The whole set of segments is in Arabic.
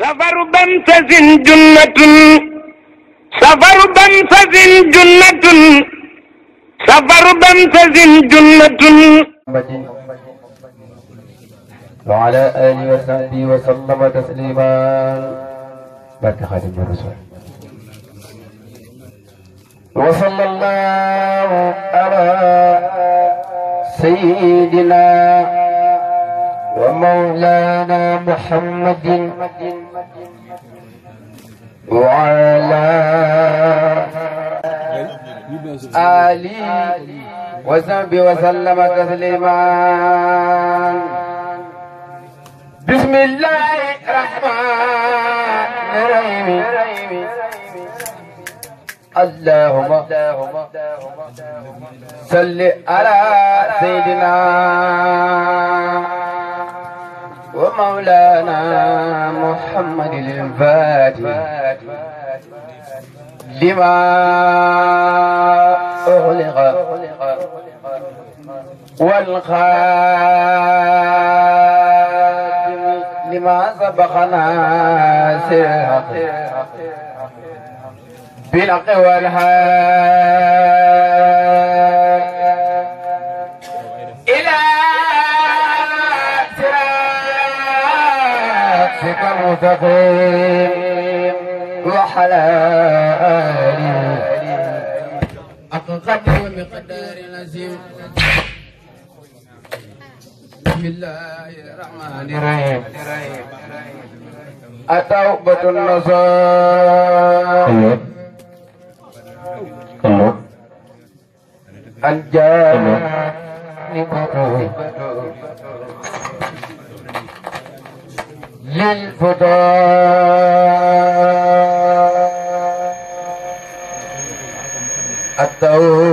سفر بنفز جنة سفر بنفز جنة سفر بنفز جنة وعلى آله وصحبه وسلم تسليما بعد خادم الرسول وصلى الله على سيدنا ومولانا محمد وعلى آلي وصحبه وسلم تسليما بسم الله الرحمن الرحيم اللهم صل على سيدنا ومولانا محمد الفاتح لما أغلق والخاتم لما سبقنا سرق بلق والهادي المتقين وعلى آله أقدر ومقدار لازم بسم الله الرحمن الرحيم التوبة النصار الجانب للفضاء الدور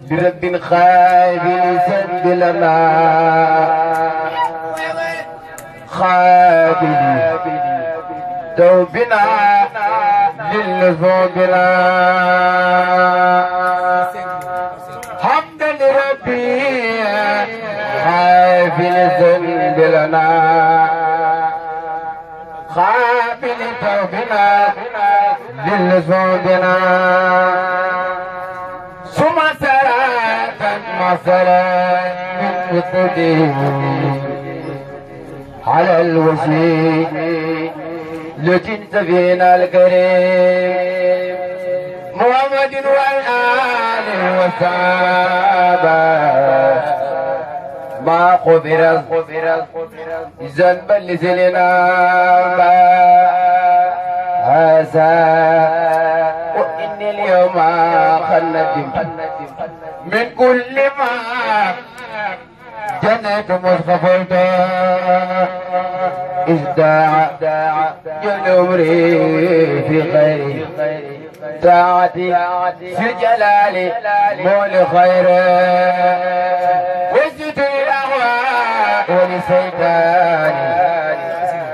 برب خائب سد الامان قديم على الوزير لجنت فينا الكريم محمد والآل والصحابة ما قبر ذنبا لزلنا هذا وإن اليوم قد من كل ما جنة مصطفى ازداع جنوري في خير ساعتي في جلالي مول خير وزت الاهواء ولسيتاني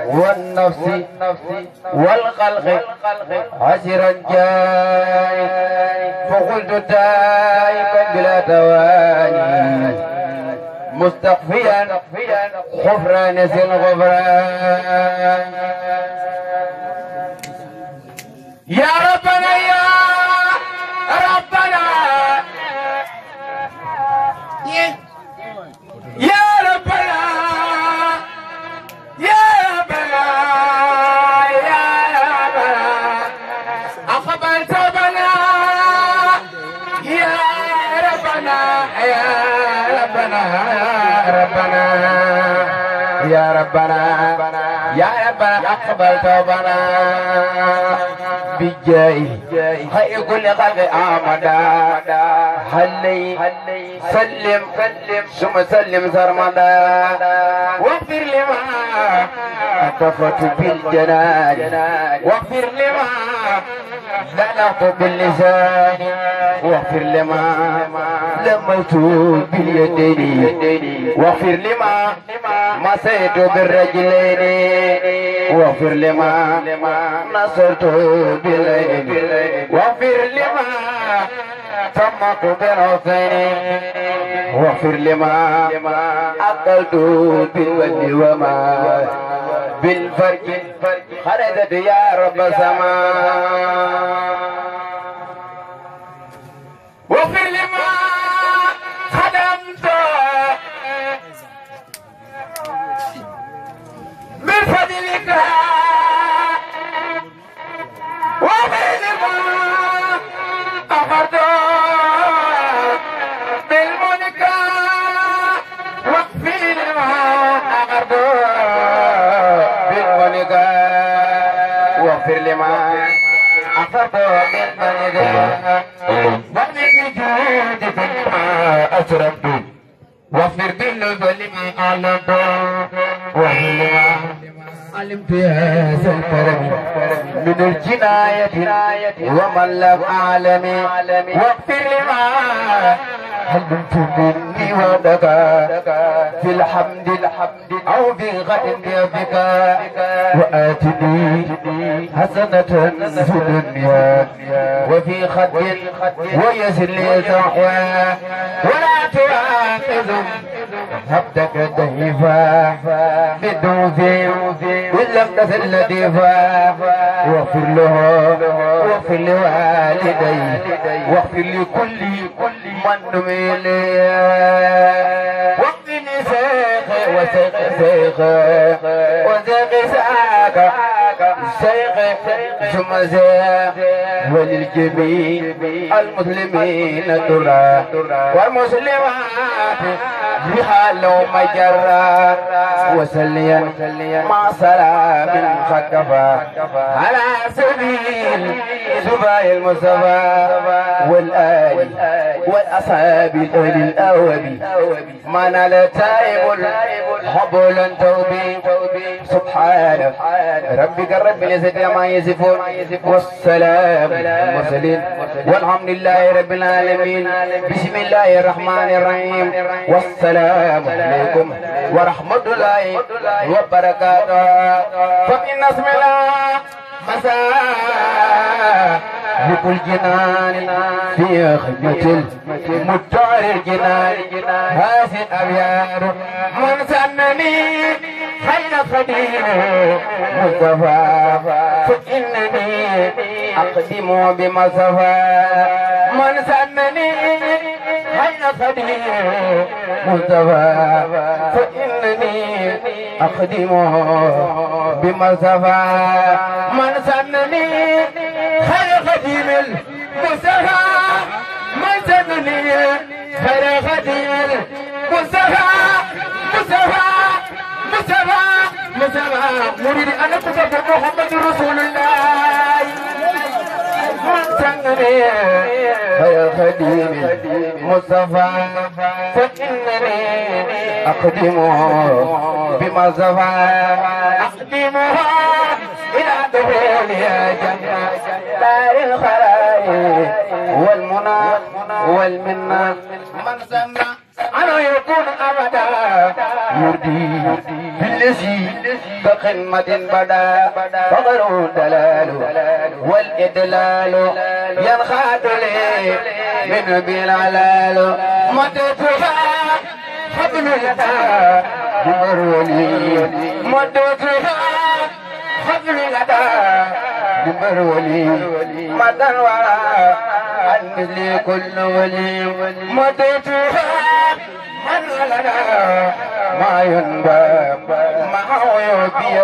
والنفس والخلق عسرا جاي فقلت تائبا بلا تواني مستقفيا خفرا ذي الغفران فارتبنا بجاي هاي كل خلق آمدا هلي سلم ثم سلم سرمدا واغفر لما أتفت بالجنان واغفر لما لنا باللسان واغفر لما لميت باليدين واغفر لما مسيت بالرجلين واغفر لما نصرت بالعين واغفر لما ثم قدر حسين واغفر لما عقلت بالود وما بالفرج خردت يا رب سما واغفر لي واغفر لما أفض من بلده ومن جود فيما أسرد واغفر بالنزل ما أعلمت وهلما علمت يا ساتر من الجناية ومن لم واغفر لما هل ممكن مني وبكى في الحمد الحمد أو بغد بك وآتني حسنة في الدنيا وفي خد ويزل لي ولا تؤاخذهم هبتك الدهيفة من دوزي ولم تزل لطيفة واغفر لهم واغفر لوالدي واغفر لكل من نميلي واغفر سيخي وسيخي سيخي وسيخي ساكا السيق جمزة وللجميع المسلمين ترى والمسلمات بها لو مجرى وسليا مع سلام فكفى على سبيل زباء المصطفى والآل والأصحاب الأهل الأوبي ما نال تائب حبل توبي سبحانه ربك الرب من سيدنا ما يزفون والسلام المرسلين والحمد لله رب العالمين بسم الله الرحمن الرحيم والسلام عليكم ورحمة الله وبركاته فمن اسم الله مساء لكل جنان في خدمة المتار الجنان هذه الأبيار من سنني هل فديه مصطفى فإنني أقدم بمصطفى من سنني هل فديه مصطفى فإنني أقدم بمصطفى من سنني خير خديم المصطفى من سنني خير خديم المصطفى متابع متابع مريد أن أكتب محمد رسول الله مصطفى فإنني أقدمه بمصطفى أقدمه إلى دخول والمنى والمنى من سمع أنا يكون أبدا يرضي الذي بقمة بدا فضر الدلال والإدلال ينخات لي من بلال مدتها حبلتها جمروني مدتها حبلتها جمروني مدن ورا أن لي كل ولي مدتها من لنا ما ينبى معه يبيع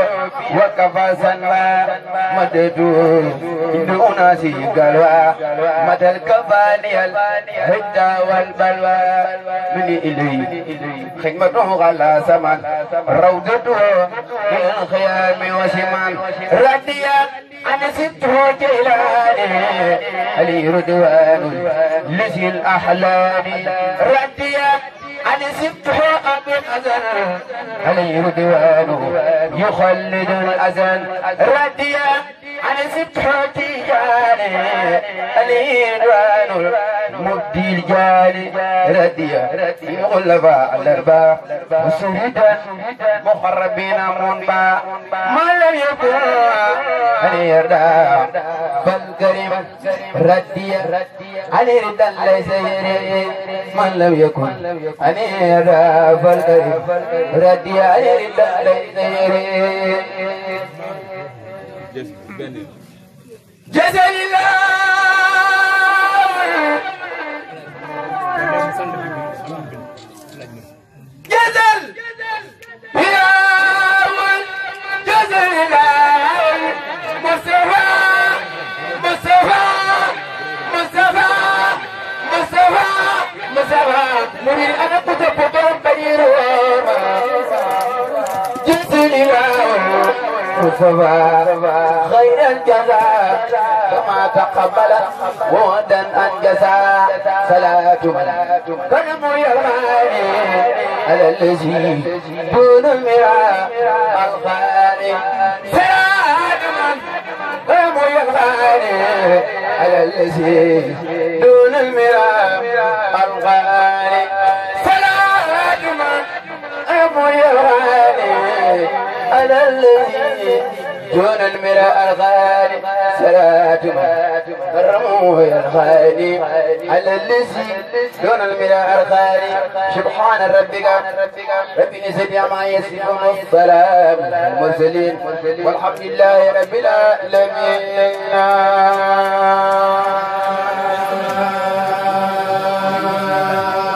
وكفى سنوى مددو دون سيقلوى مدى الكفاني الهدى والبلوى من إلي خدمته غلا سمان روضته من خيام وسمان رديا أنا سته جيلاني علي ردوان لسي الأحلام رديا علي زبت حقا بخزن علي رضوانه يخلد الأذن رديا علي زبت حقا علي رضوانه مبدي الجال رديا من غلفاء الأرباع مسردا مخربين منبا ما لم يكن أن يرضى فالكريم رديا أن يرد ليس من لم يكن أن يرضى فالكريم رديا أن يرد ليس جزا الله Jazalila كففا خير الجزاء كما تقبلت وعدا انجزا صلاة كرم يماني على الذي دون مرا الغالي على الذي دون المرا الغالي سراد من على الذي دون المراء الغالي سلاتم كرموه يا الغالي على الذي دون المرا الغالي سبحان ربك ربي نزل يا ما يسلم السلام المرسلين والحمد لله رب العالمين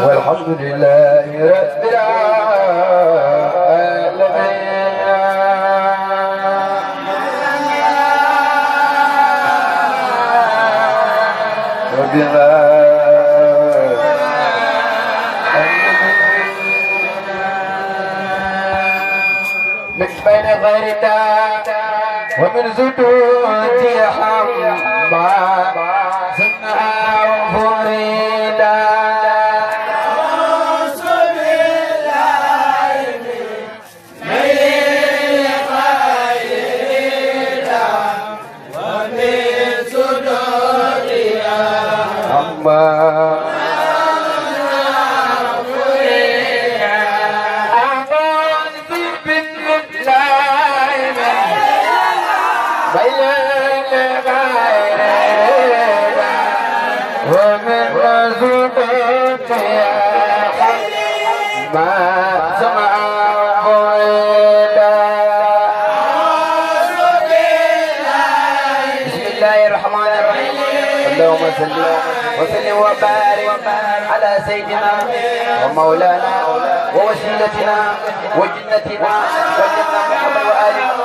والحمد لله ومن زدوج وسلم وسلم وبارك على سيدنا ومولانا ووسيلتنا وجنتنا وجنة محمد وآله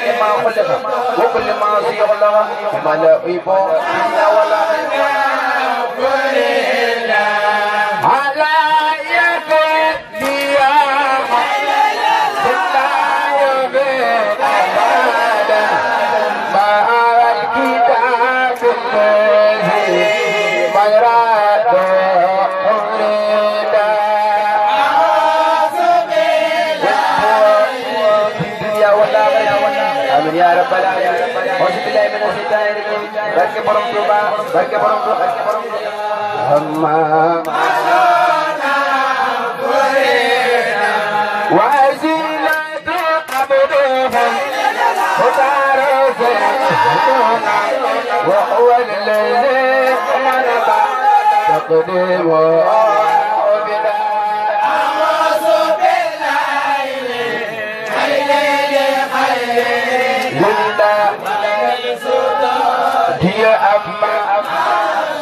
خير ما خلق وكل ما زيغ له ملائبه إلا ولا إلا اللهم وزينة قبرهم ودار وهو الذي خلق تقديمه Yeah, I'm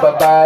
Bye-bye.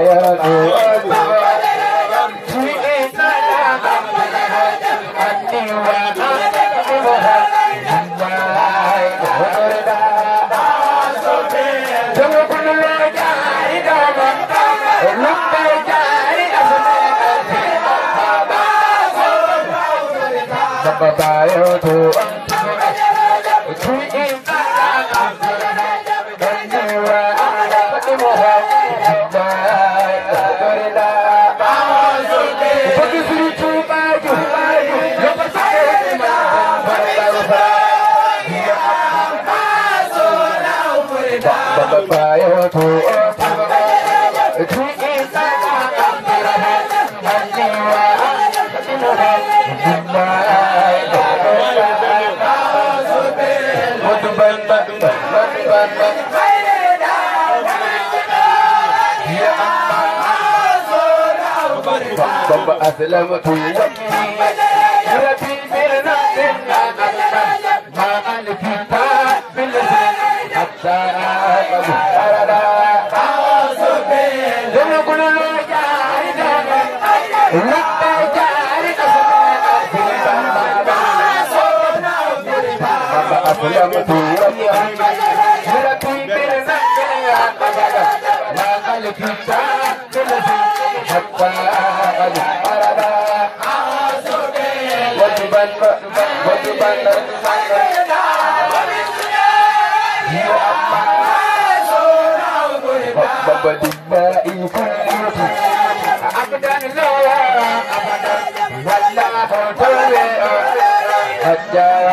طب أسلمت ربي برنا ما الكتاب باللسان أبدا والله تولي حتى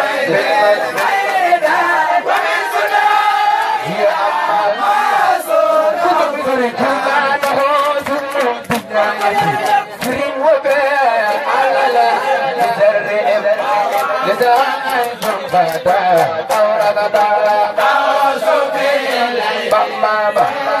Bamba Bamba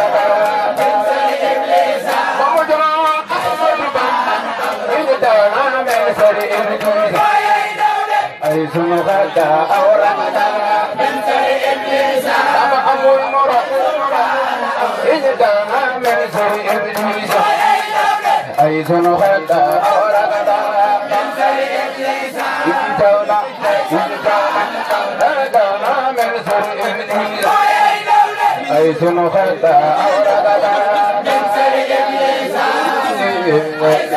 أيزم غدا أو رمضا من سري إبليس أبو النور أو رمضا من سري إبليس إن أو رمضا من سري إبليس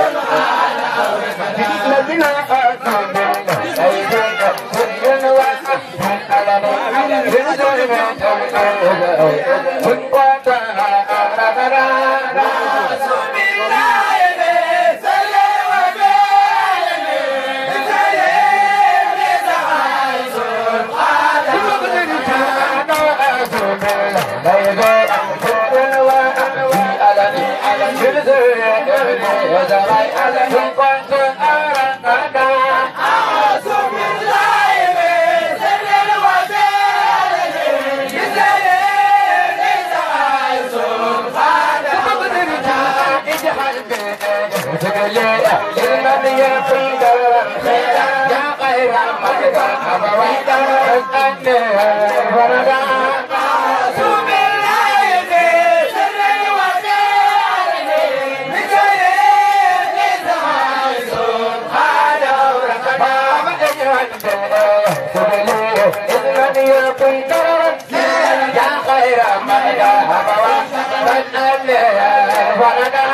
Bismillah. تقليله للنبي في دار خيره يا غير مرضى أبويته أني فرقان يا خير من ذهب وقت من أنه فرقها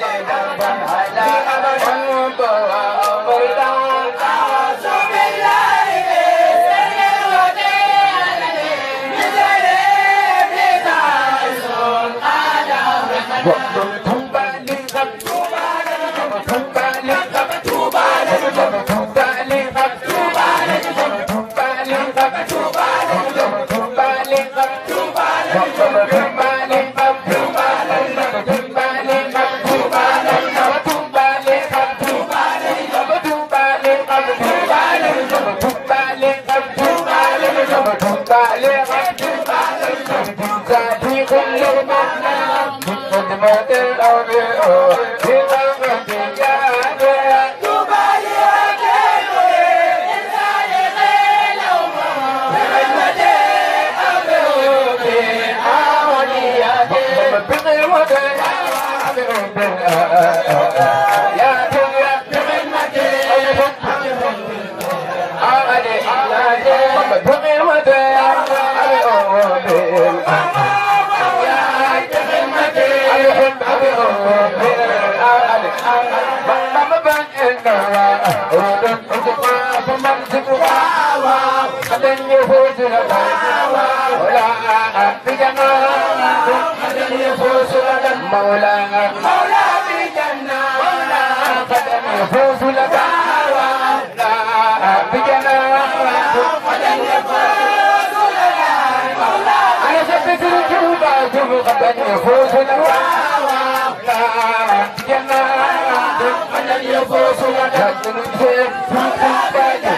Salve, سلطا مولانا بجنان قد يفوز لدى مولانا مولانا بجنان قد يفوز لدى مولانا بجنان قد يفوز لدى مولانا انا ثبت الجوبة قد يفوز لدى مولانا بجنان قد يفوز لدى مولانا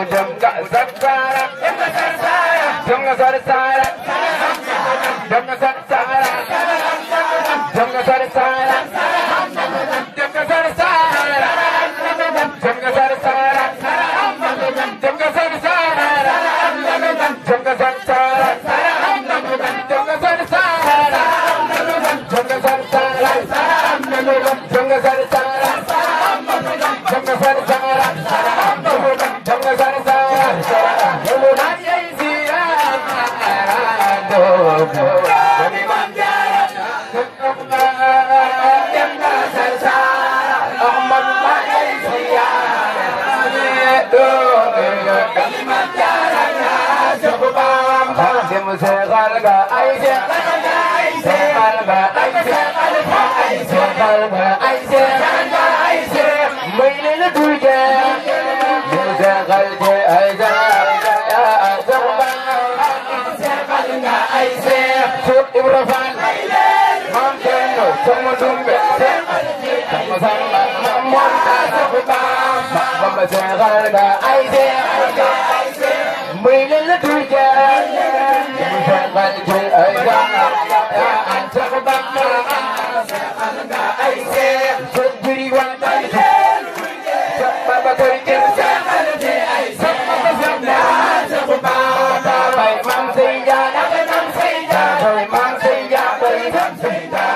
mu jëm ka sat saara dem na sat saara dem na sat saara dem na sat saara dem na sat saara Seex Bamba dem seexal ga ay seexal ga ay seexal ga ay seexal ga ay seexal ga ay seexal ga ay seexal may leen tuuy de dem seexal de ay da Seex Bamba seexal ga ay seex Seex Ibra Faal Maam Cerno sama dumbe Seex sama samba mam monta Seex Bamba Bamba seexal ga ay seexal ga وين الدنيا تغلب الأجواء أن تغضب صدري والمجد ثم بكرك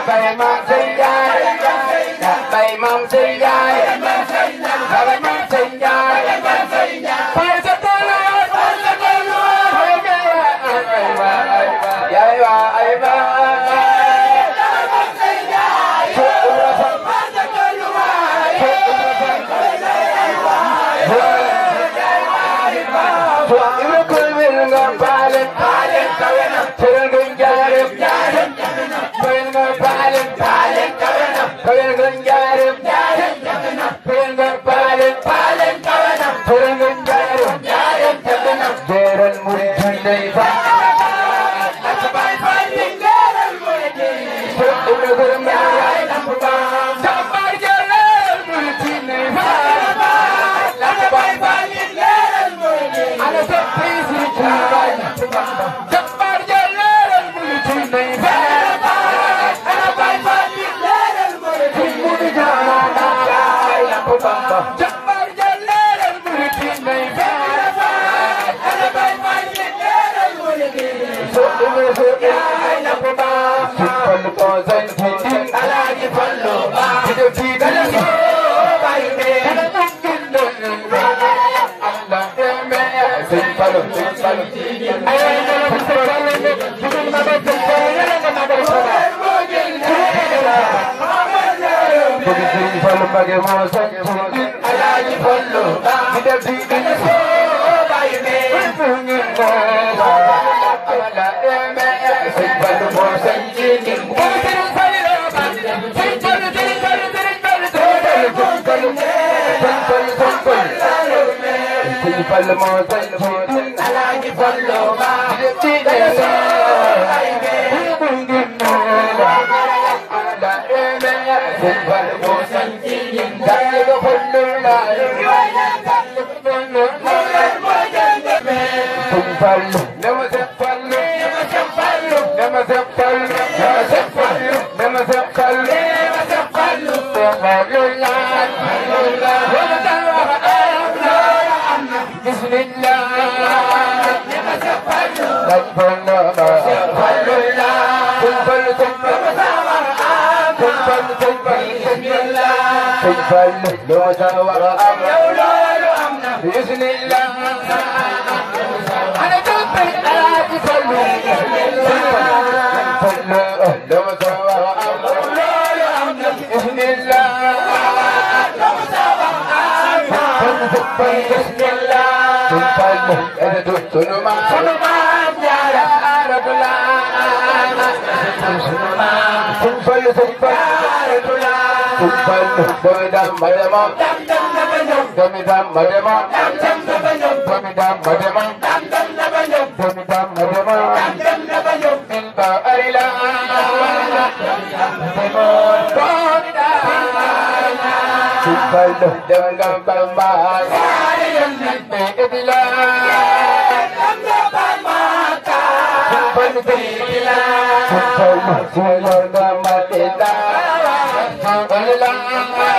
Bye, Mom, say die. Bye, Mom, say die. mbage moo sañ ci alaaji Fallu di def di di soo bay ne fu ngi moo la eme sëñ Fallu moo sañ ci nit Thank you. sëñ Fall lu mu sa war a am yow loolu am na bismillah ana toppal alaaji Fallu sëñ Fallu lu mu sa war a am loolu am na bismillah lu mu sa war a am sëñ Fallu bismillah sëñ Fallu ana du sunu maam sunu maam jaara rabula sunu maam sëñ Fallu sëñ Fallu Kuppan தொமிடம் மடமம் தொமிடம் மடமம் தொமிடம் மடமம் தொமிடம் மடமம் இன்ப அரிலா குப்பன் தங்கம் பம்பா எதிலா குப்பன் Kuppan Bye.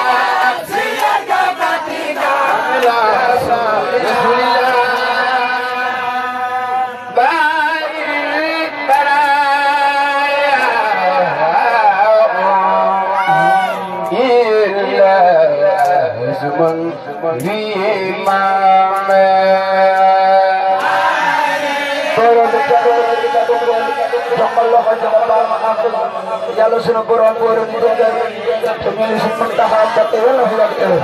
yàlla sunu borom boole ñu déggal te ñu ngi si mën taxaw ba te yàlla fu la teew.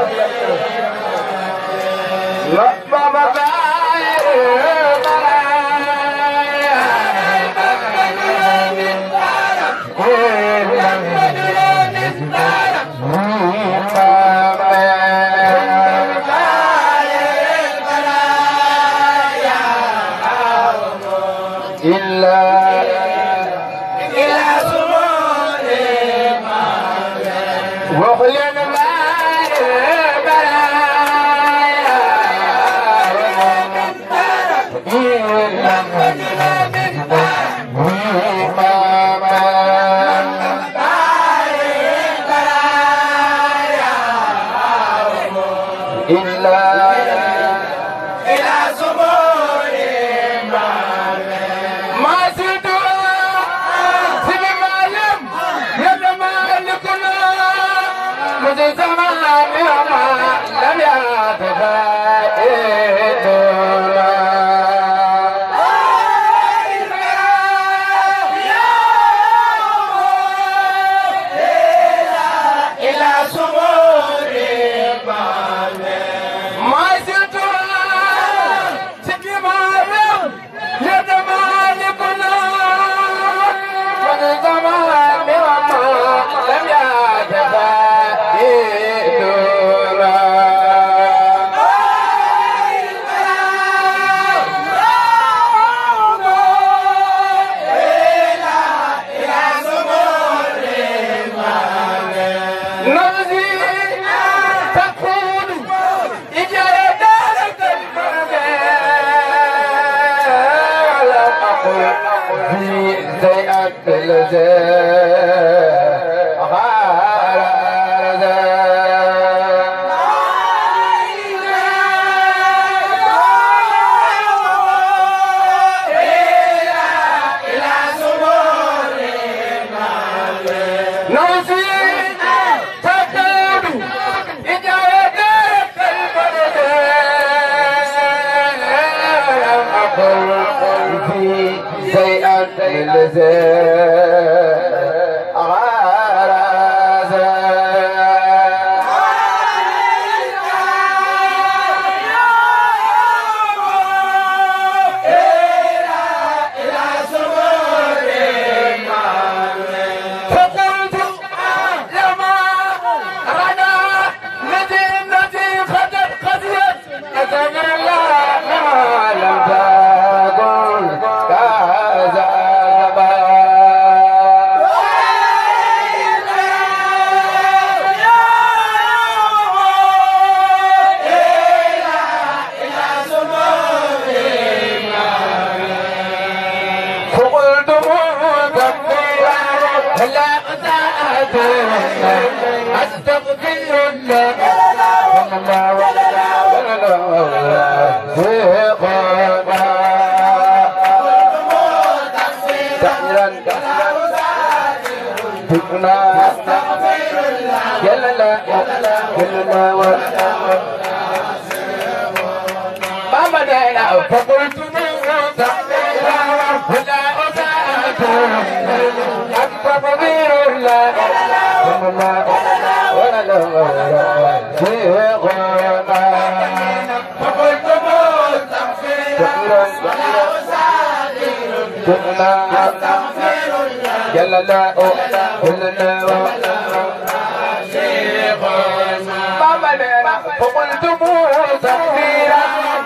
وقلت مو تكبيرا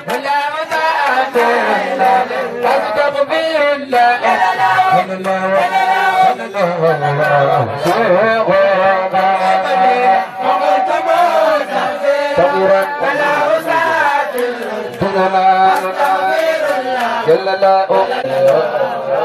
ولا متعة إلا لله تكبير الله ولا لا ولا لا وقلت مو تكبيرا ولا وسعة إلا لله تكبير الله جل الله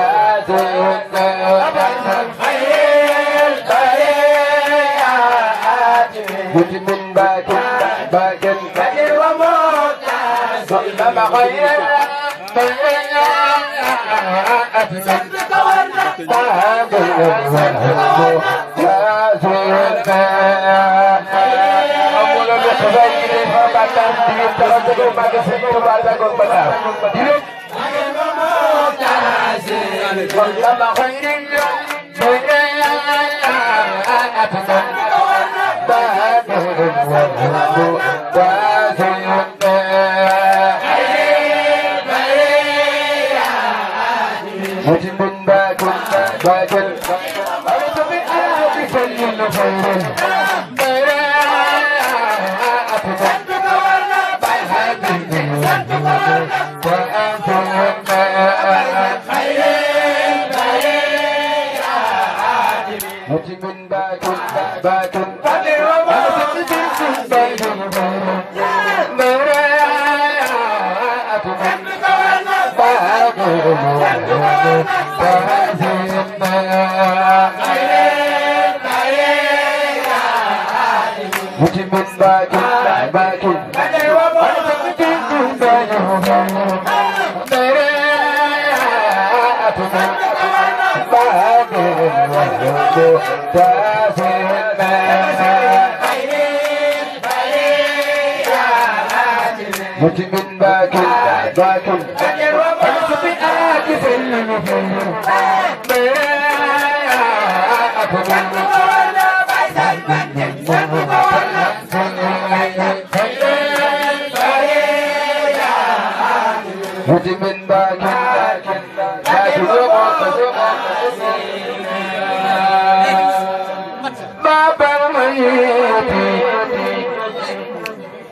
Bye. Thank you.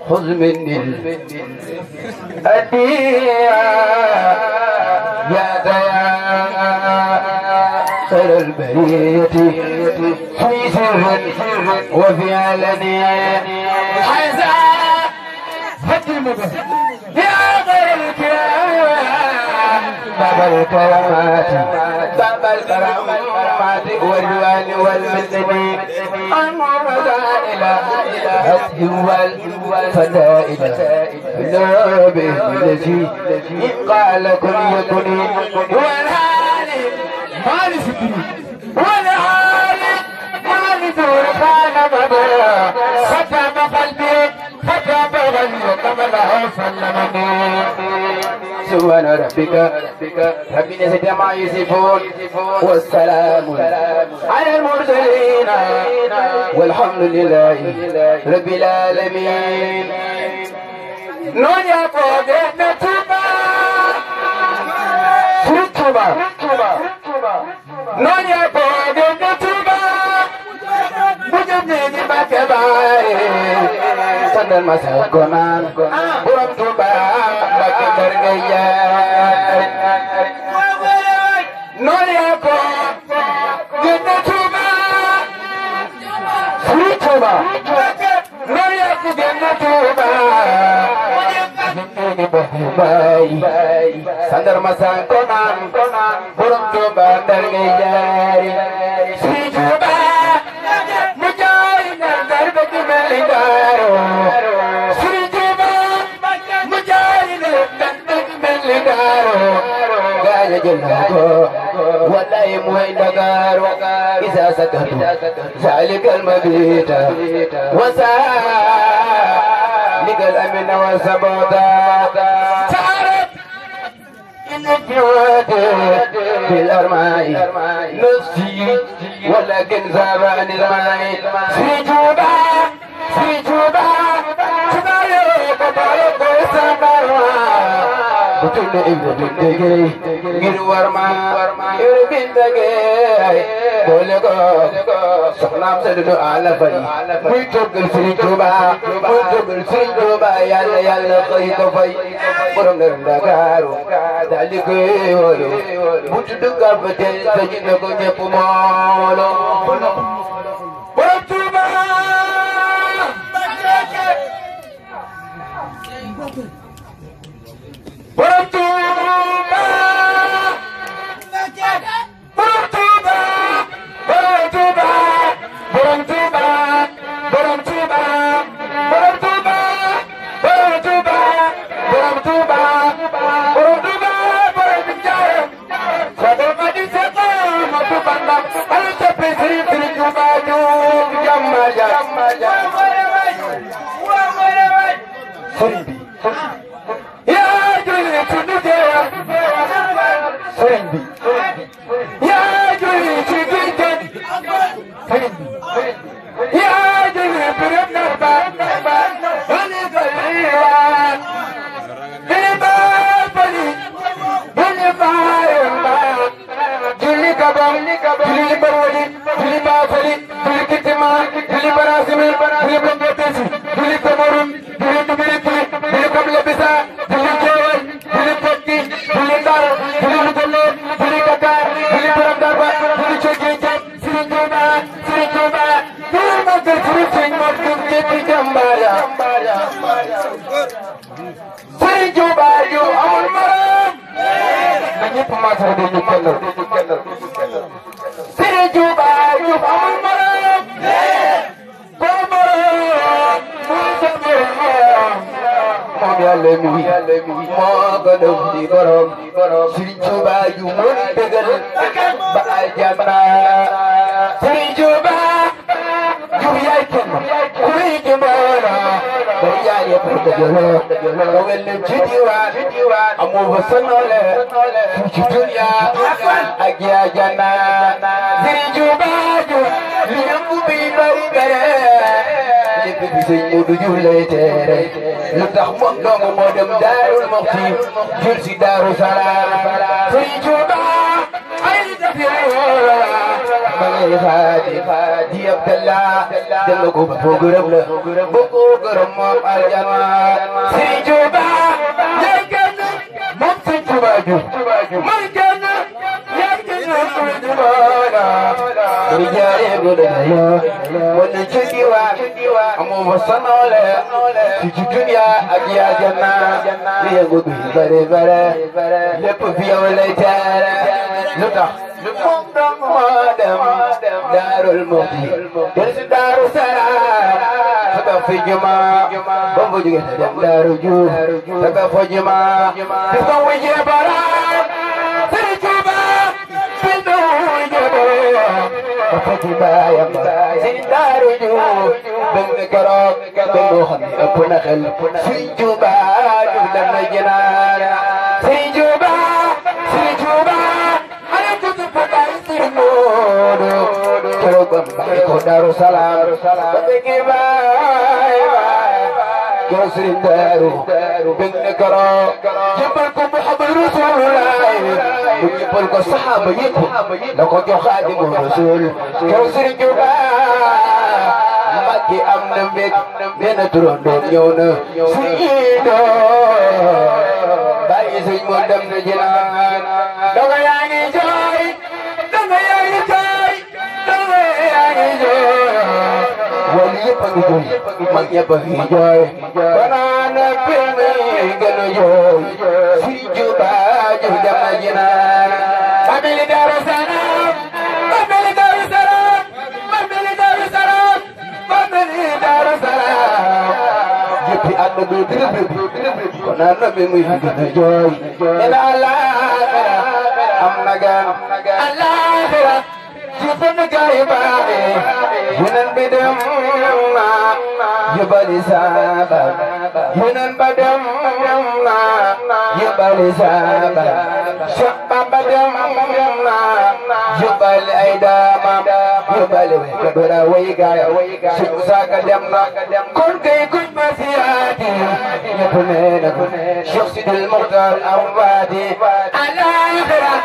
خذ مني الهدية يا خير البرية في سر وفي علني عايزة هدي المبهر يا غير الكرام باب الكرامات باب الكرامات والجوال والمدني والفدائد لا به الذي قال كن يكن هو الهالك مالك الدين هو الهالك مالك كان مدى ختم قلبي ختم غيرك وله سلمني سبحان ربك رب العزة عما يصفون والسلام على المرسلين والحمد لله رب العالمين نون يا قوة نتوبة توبة نون يا قوة نتوبة بجبني بكبائي صندل مسا كمان برم توبة Sandar Masan Konan Konan Burung Coba Dari Jari الموضوع ولا يموي النقار إذا سكتوا فعلك المبيت وساء لقى الأمن والثبات تعرف إن في وادي في الأرماء نصي ولكن زابعني الماء في جوبا في جوبا te ibu bindegey ngir warma iru bindegey boole ko soxnaam Seydou Alla Faye muy toggal Serigne Touba muy toggal Serigne Touba yàlla yàlla xëy ko fay borom na Ndakaaru daal di koy wóolu bu tudd gàbb teel sa ji na ko ñëpp moolo sëriñ bi Fendi, yadiri cikin gani, Fendi, yadiri birin narba, wani gariwa, ilibabali, ilibayin ba, jili gaba, jili barwali, jili bafali, jili kitima, jili barasimi, jili bangotesi, jili kamarun, jili dubirit, commencé ko dañu kellal Sëriñ Juba Juba amul morom amul morom muy sa njëriñ moom yàlla mi wi moo gën a wuti borom Sëriñ Juba yu mun dëggal ba ajamba Sëriñ Juba yu yaay kenn kuy jëmbooloo Bari yaay yëpp dëgg la, dëgg la, wala jidiwaan, amoo ba sonal ci dunya ak ya janna sëriñ baaju li yëngu bi bari bare lépp bi sëñ Moodu Juuf lay teere lu tax moom dong moo dem Daarul Muxti jël si Daaru Salaam sëriñ baaju ay dafiroo mane faati faati Abdallah delloo ko foo gërëm la boo ko gërëm moom aljana Sëriñ Tuuba léegi moom Sëriñ Tuuba moo sonoole ci ci dunya ak yaa janna li yëngu bi bare bare lépp fi yow lay teere lu tax moom dong moo dem daarul muxti del si daaru salaam taka fi juma ba mu jóge dem daaru juuf taka fa juma te soo wujjee bara dafa ji baayam sëriñ daaru ñu benn keroog dañoo xam ne ëpp na xel sëriñ Tuuba ñu dem na jinaar sëriñ Tuuba sëriñ Tuuba ala tutu pataay sëriñ Moodu keroog ba mbay ko Daaru Salaam ba bëgg baay baay keroog sëriñ daaru benn keroog xadrat mu jëppal ko saxaaba yëpp da ko jox Xaadimu Rasuul kaw Sëriñ Tuuba Mbàkke am na mbég benn turandoom ñëw na siido bàyyi sëñ mu dem na jilaan doga yaa ngi jooy doga yaa ngi jooy doga yaa ngi jooy wala yëpp a ngi jooy mag ñëpp a ngi jooy banaan a gën a jooy kon naa la bi muy fi di jooy. nee na alaxira am na gan alaxira ci sunu gaay yi baaxe yeneen bi dem na jubali saaba yeneen ba dem na. جبل سابا شباب دمنا جبل أيداما جبل كبر ويقا شمسا قدمنا كن كي كن مسياتي يكونين شخص المختار أربادي على آخرة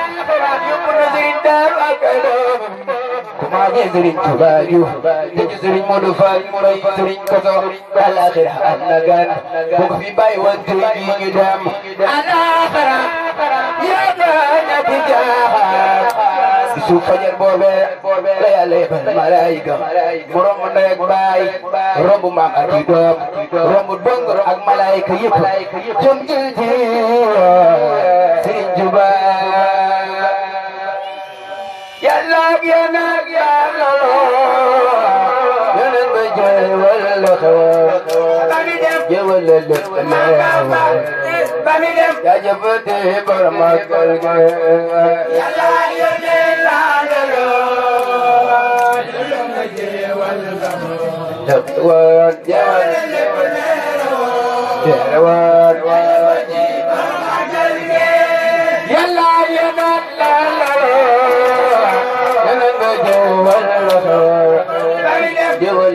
يكون زين دار أكلهم maaje Serigne Touba Diouf dëgg Serigne Modou Fall mooy Serigne Koso alaaxira am na gan bu ko fi bàyyi woon Serigne yi ñu dem alaaxira yaa bañ a di jaaxal bisu fajar boobe la yàlla yebal malaayika mu romb ndey ak baay romb maam ak i doom romb dong ak malaayika yëpp jëm jël ji Serigne Touba Yeah, well,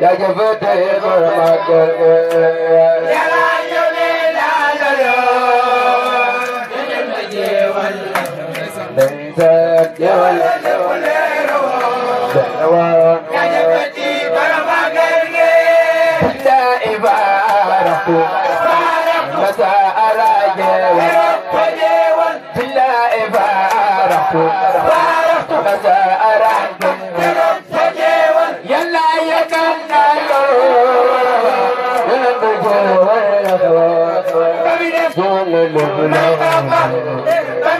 جج فتح برمك مساء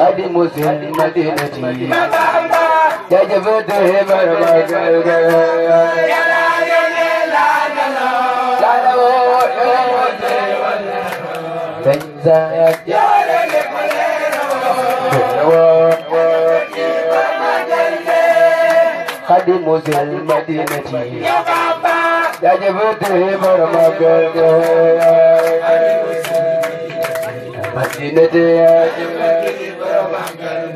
هذه مسلم مدينتي يجب تهب المغرب Tenzai خادم المدينة يا جبته برما قلبه مدينة يا جبته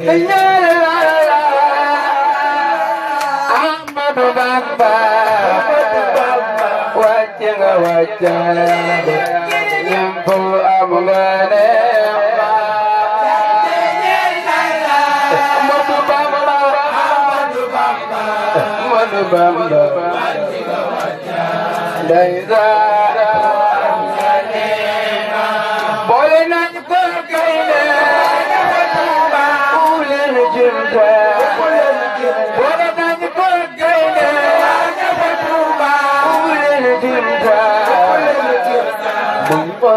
Ahmadu Bamba Wajin wajin Yampu amulane Ahmadu Bamba Ahmadu Bamba Ahmadu Bamba Ahmadu Bamba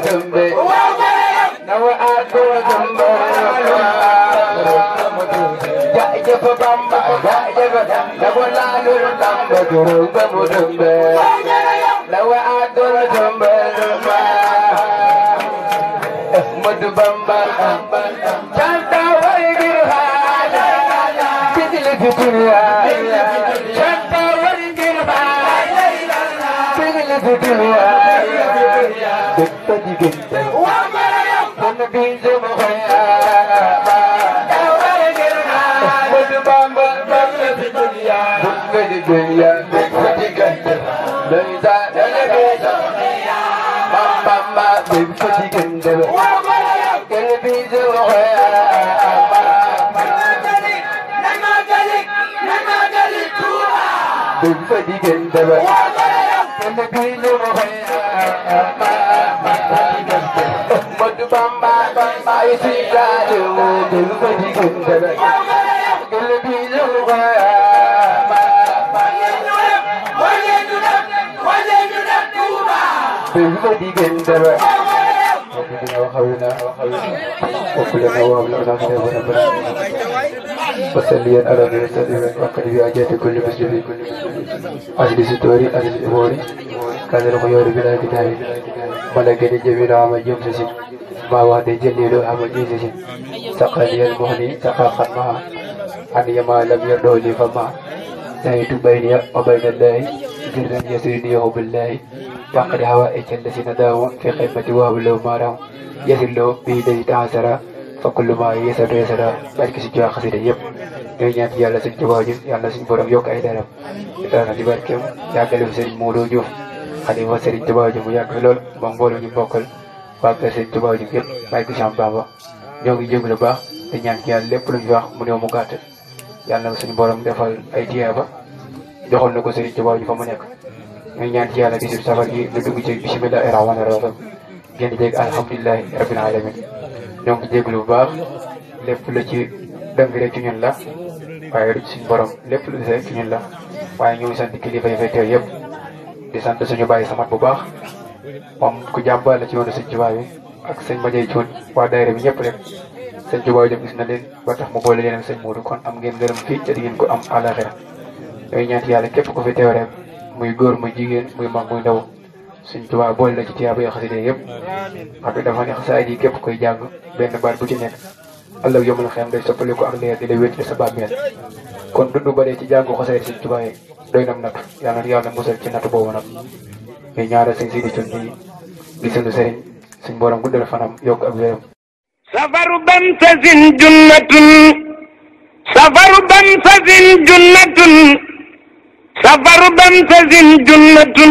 mutumbe nawa ado mutumbe ya jefa bamba ya jefa nawa lalu bamba juruga mutumbe nawa ado mutumbe Ahmad Bamba Chanta wari girhana Bidil fituriya Chanta wari girhana Bidil fituriya দেবে মধুবাম্বা বাম্বা ইসি রাজু দুর্গতি গুণ দেবে Everybody bend over. ربنا وخونا وكلنا وابلغنا خير ربنا وسليا على غير سليم وقد بحاجات كل مسلم اجل ستوري اجل اموري كان الخيار بلا كتاب ملكني جميل عمل يمسسي ما وعدي جليل عمل يمسسي سقالي المهني تقاقا معه عن ما لم يرضى لي فما نهيت بيني وبين الله لن يزينيهم الله فقد هوائج الذين داووا في قمة وهم لو مارا يزل لهم بيدي تعسرا فكل ما يسر يسرا بل كسي جوا خسيدا يب نين يانت يالا سن جواج يالا سن بورم يوك اي دارم اتانا جبار كيوم يأكل سن مولو جوف خلي وسر جواج يأكل لول بمبولو جبوكل باقا سن جواج يب بل كسي عم بابا نيوك جيوك يالا لبنو جواج منيو يالا سن بورم دفال اي تيابا joxal na ko Serigne Touba ji fa mu nekk ñooy ñaan ci yàlla bisib safar gi lu dugg ci bismillahi rahmani rahim génn jéeg alhamdulilahi rabbil alamin ñoo ngi jéglu bu baax lépp lu ci dëng rek ci ñun la waaye du suñu borom lépp lu rek ñun la waaye ñoo ngi sant kilifa yi fay teew yëpp di sant suñu bàyyi samat bu baax moom ku jàmbaale ci yoonu Serigne Touba bi ak sëñ Madiaye Thioune waa daayira bi ñëpp rek sëñ Touba dem gis na leen ba tax mu boole leen ak sëñ kon am ngeen ngërëm fii te ko am àlaxira ñooy ñaan yàlla képp ko fi teew rek muy góor muy jigéen muy mag muy ndaw suñ tubaab boole la ci tiyaaba yoo xasida yëpp parce que dafa ne xasaay yi képp koy jàng benn baat bu ci nekk allah yomul xam day soppali ko ak leer di la wéet sa bàmmeel kon dundu bare ci jàngu xasaay suñ tubaab yi doy nam natu yàlla yàlla musal ci natu boobu nag ñu a sëñ Sidi Cuun bi di sunu sëriñ suñ borom guddal fanam yokk safaru ban fasin junnatun safaru সাফারু বামতাজিন জুন্নাতুন